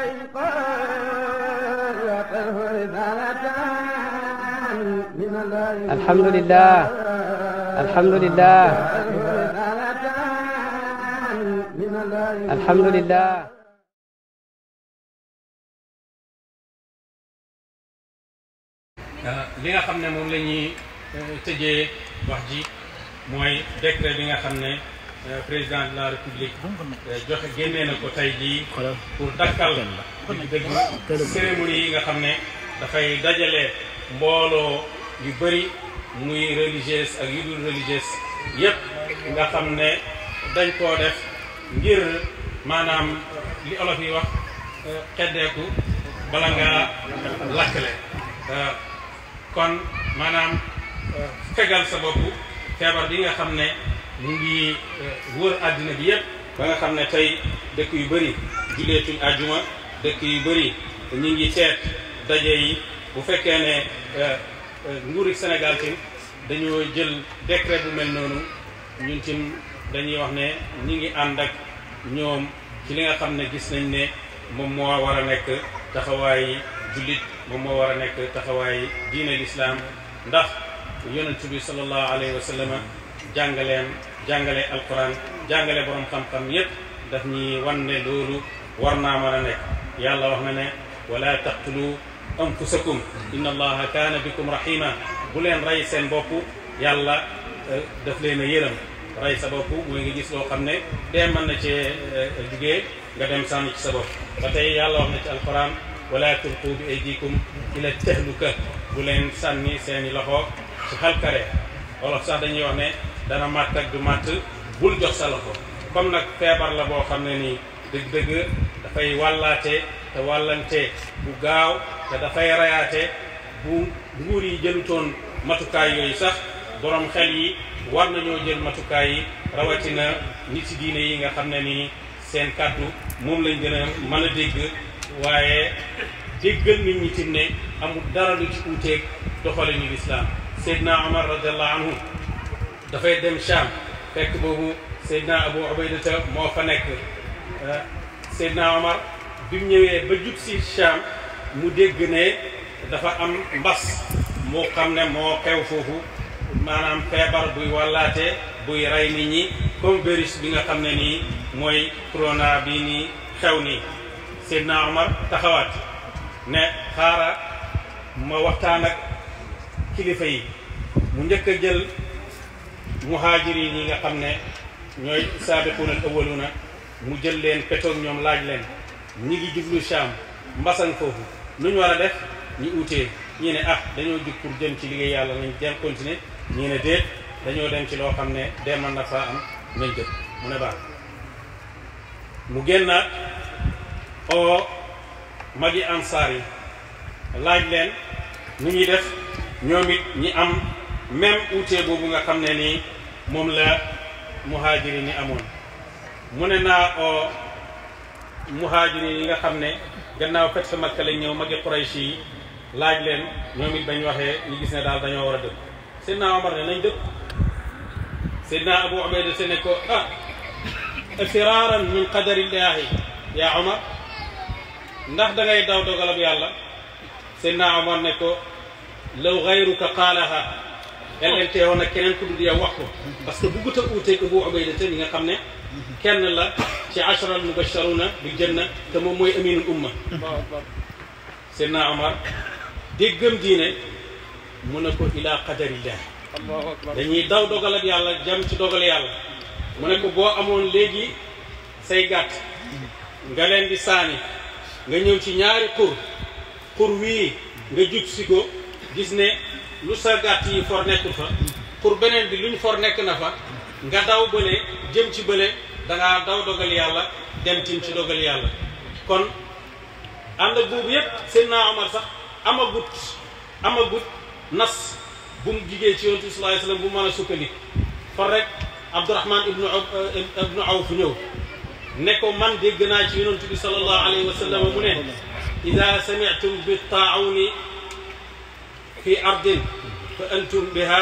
alhamdulilah alhamdulilah alhamdulilah. Euh, li nga xam ne moom la ñuy euh, tëjee wax ji mooy décret bi nga xam ne. Euh, président de la république euh, joxe génnee na ko tey jii pour dakkal dëgg cérémonie yi nga xam ne dafay dajale mbooloo yu bëri muy religieuse ak yu dul religieuse yépp nga xam ne dañ koo def ngir maanaam li olof yi wax euh, xeddeeku bala ngaa lakkale kon maanaam fegal sa bopp feebar bi nga xam ne mu ngi euh, wër àddina bi yëpp ba nga xam ne tey dëkk yu bëri julleetuñ àjjuma dëkk yu bëri ñu ngi teet daje yi bu fekkee ne euh, euh, nguurik Sénégal tim dañoo jël décret bu mel noonu ñun tim dañuy wax ne ñu ngi ànd ak ñoom ci li nga xam ne gis nañ ne moom moo war a nekk taxawaayi jullit moom moo war a nekk taxawaayi diine lislaam ndax yonent bi sallallahu alayhi wa sallam jàngaleem jàngale alquran jàngale borom xam-xam yépp daf ñuy wan ne loolu war naa mën a wax na ne wala taqtulu anfusakum inna allaha kaana bikum rahima bu leen rey seen bopp yàlla euh, daf leen a yërëm sa bopp mooy nga loo xam ne dee mën na cee euh, jugee nga dem sànni ci sa bopp ba tey ci alquran wala tulqu bi aydikum ila tahluka bu leen sànni seeni loxo ci xalkare wolof sax dañuy wax dana màtt ak du màtt bul jox sa loxo comme nag feebar la boo xam ne ni dëgg-dëgg dafay wàllaate te wàllante bu gaaw te dafay rayaate bu nguur yi jëlutoon matukaay yooyu sax borom xel yi war nañoo jën matukaay yi rawatina nit ci diine yi nga xam ne ni seen kàddu moom lañ gën a mën a dégg waaye déggal nit ñi ne amul dara lu ci uuteeg doxale ni lislaam Seydina Omar radiallahu anhu dafay dem Sham fekk boobu Seydina Abu Ubaydata moo fa nekk eh, Seydina Omar bi mu ñëwee ba jub si Sham mu dégg ne dafa am mbas moo xam ne moo xew foofu maanaam feebar buy bi nga xam ne nii mooy corona bii nii xew nii Seydina Omar taxawaat ne xaara ma waxtaan ak kilifa yi mu njëkk jël muhaajiriin yi nga xam ne ñooy saabiquuna al na mu jël leen petoog ñoom laaj leen ñi ngi jublu Sham mbasan foofu nu ñu war a def ñu utee ñi ne ah dañoo jug pour jëm ci liggéey yàlla nañ dem continuer ñi ne déet dañoo dem ci loo xam ne dee mën na faa am nañ jëm mu ne baax mu génn oo magi ansaar yi laaj leen nu ñuy def ñoom it ñi am même uutee boobu nga xam ne nii moom la muhaajiri ni amoon mu ne naa oo muhaajiri yi nga xam ne gannaaw fet sa makka lañ ñëw magi quraysh yi laaj leen ñoom it bañ waxee ñu gis ne daal dañoo war a dëkk naa Omar ne nañ dëkk naa Abu Ubayda se ne ko ah firaaran min qadarillaahi yaa Omar ndax da ngay daw dogalab yàlla Seydina Omar ne ko law gayruka qaalaha yàlla leen teewoon nag keneen ku dul yow wax ko parce que buggut a uuteeg Abu Ubayda te mi nga xam ne kenn la ci ashara na mubasharuna bil na te moom mooy aminul umma Seydina Omar déggam diine mun na ko ilaa qadarillah dañuy daw dogal ak yàlla jam ci dogal yàlla mu ne ko boo amoon léegi say gàtt nga leen di saani nga ñëw ci ñaari xur xur wii nga jug si ko gis ne lu sa gàtt yi for nekkul fa pour beneen bi luñ for nekk na fa nga daw bële jëm ci bële dangaa daw dogal yàlla dem tim ci dogal yàlla kon ànd ak boobu yépp seen naa Omar sax amagut amagut nas bu mu jigee ci yontu sallallahu alayhi wasallam bu mën a sukkandik far rek Abdurahman ibnu eh, ibnu Awf ñëw ne ko man dégg naa ci yonentu bi sallallahu alayhi wa sallam mu ne ida sami'tum fi ardin fa antum biha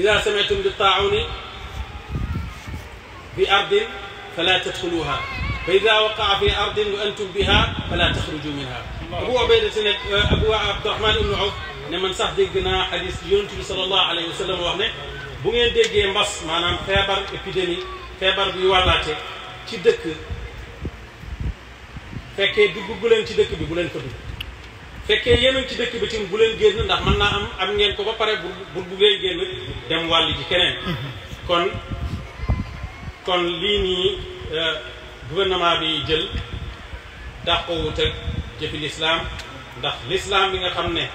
ida samitum bi taauni fi ardin fala tadxuluha fa ida waqaa fi ardin wa antum biha fala taxruju minha abu obayda si ne abu abdurahman ibnu awf ne man sax dégg naa xadis yonent bi sallallahu alayhi wa sallam wax ne bu ngeen déggee mbas maanaam feebar épidémie feebar buy wàllaate ci dëkk fekkee dugg bu leen ci dëkk bi bu leen ko dugg fekkee yen ci dëkk bi tamit bu leen génn ndax mën naa am am ngeen ko ba pare bu bu buggee génn dem wàll ji keneen. Mm-hmm. kon kon lii nii euh, gouvernement bi jël dàqowut ak jëfi lislaam ndax lislaam bi nga xam ne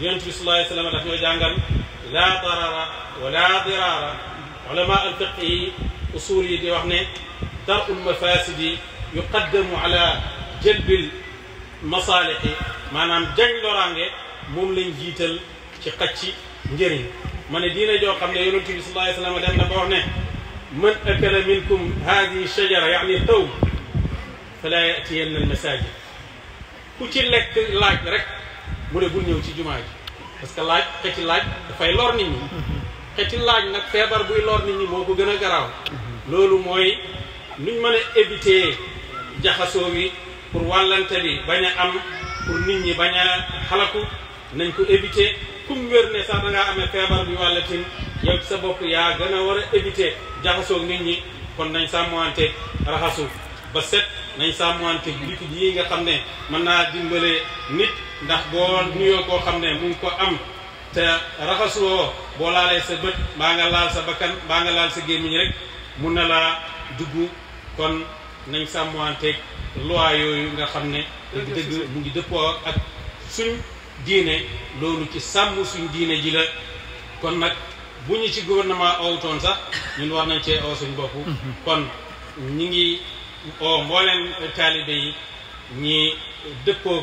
yonent bi sallallahu alayhi wa sallam daf ñoo jàngal laa wala dirara ulama al fiq yi usul yi di wax ne darul mafasidi yuqaddamu ala maanaam jañ loraange moom lañ jiital ci xacci njëriñ ma ne diina joo xam ne yonent bi sallallahu alayhi wa sallam dem na ba wax ne man akala minkum haadihi shajara yaani tawb fala yatiyanna almasajid ku ci lekk laaj rek mu ne bul ñëw ci jumaa ji parce que laaj xeeti laaj dafay lor nit ñi xeeti laaj nag feebar buy lor nit ñi moo ko gën a garaaw loolu mooy nuñ ma a éviter jaxasoo wi pour wàllante bi bañ a am pour nit ñi bañ a xalaku nañ ko éviter kum wér ne sax da ngaa feebar bi wàlla tin yow sa bopp yaa gën a war a éviter jaxasoog nit ñi kon nañ sàmmante raxasu ba set nañ sàmmante liquide yi nga xam ne mën naa dimbale nit ndax boo nuyoo koo xam ne mu ko am te raxasuwoo boo laalee sa bët mbaa nga laal sa bakkan mbaa nga laal sa gémmiñ rek mun na laa dugg kon nañ sàmmanteeg loi yooyu nga xam ne dëgg-dëgg mu ngi dëppoo ak suñ diine loolu ci sàmm suñ diine ji la kon nag bu ñu ci gouvernement awutoon sax ñun wax nañ cee aw suñ bopp kon ñi ngi o mbooleem taalibe yi ñi dëppoo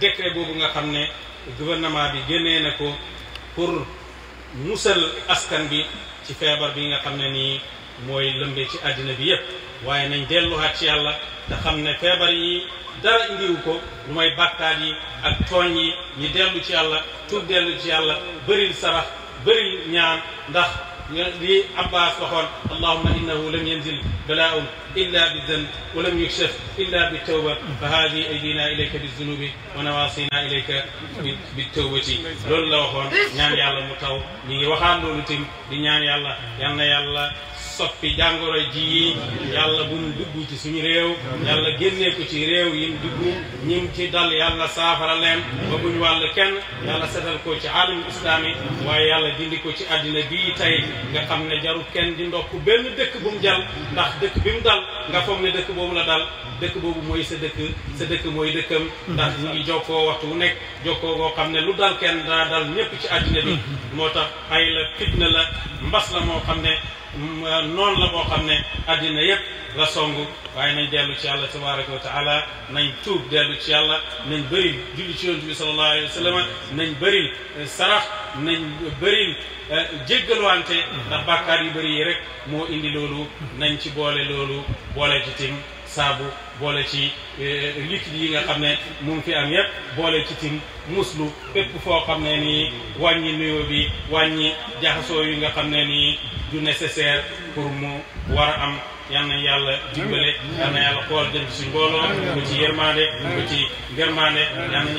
décret boobu nga xam ne gouvernement bi génnee na ko pour musal askan bi ci feebar bi nga xam ne nii mooy lëmbe ci àddina bi yépp waaye nañ delluwaat ci yàlla te xam ne feebar yi dara indiwu ko lu may yi ak tooñ yi ñu dellu ci yàlla tuub dellu ci yàlla bëril sarax bëril ñaan ndax li Abbas waxoon allahumma innahu lam yanzil balaaun illa bi zanb wa lam yukshaf illa bi tawba fa haadi aydina ilayka bi zunubi wa nawasina ilayka bi tawbati loolu la waxoon ñaan yàlla mu taw ñi ngi waxaan loolu tim di ñaan yàlla yal na yàlla soppi jàngoro ji yàlla bu mu dugg ci suñu réew yàlla génnee ko ci réew yi mu dugg ñi mu ci dal yàlla saafara leen ba buñ wàll kenn yàlla setal ko ci aalam islaami waaye yàlla dindi ko ci àddina bii tey nga xam ne jaru kenn di ndokk benn dëkk bu mu jal ndax dëkk bi mu dal nga foog ne dëkk boobu la dal dëkk boobu mooy sa dëkk sa dëkk mooy dëkkam ndax ñu ngi jokkoo waxtu wu nekk jokkoo boo xam ne lu dal kenn daa dal ñëpp ci àddina bi mm-hmm. moo tax ay la fitna la mbas la moo xam ne Mm, euh, noonu la boo xam ne addina yëpp la song waaye nañ dellu ci yàlla tabaraka wa taala nañ tuub dellu ci yàlla nañ bëril julli ci yonent bi sallallahu wa sallam nañ bëril euh, sarax nañ bëril euh, jéggalwante ndax bàkkaar yu bëri yi rek moo indi loolu nañ ci boole loolu boole ci saabu boole ci eh, liquide yi nga xam ne mu ngi fi am yépp boole ci tim muslu bépp foo xam ne nii wàññi nuyoo bi wàññi jaxasoo yi nga xam ne nii du nécessaire pour mu war a am yal yàlla dimbale yal na yàlla xool jëm ci mbooloo bu ci yërmande bu ci ngërmande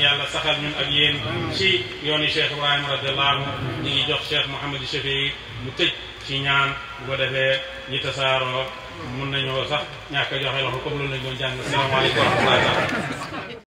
yàlla saxal ñun ak yéen ci yooni Cheikh Ibrahima radiyallahu anhu ñu ngi jox Cheikh Mouhamadou Chafii mu tëj ci ñaan bu ko defee ñi tasaaroo mun nañoo sax ñàkk a joxe loxo comme loolu lañ doon jàng salaamaaleykum wa rahmatulah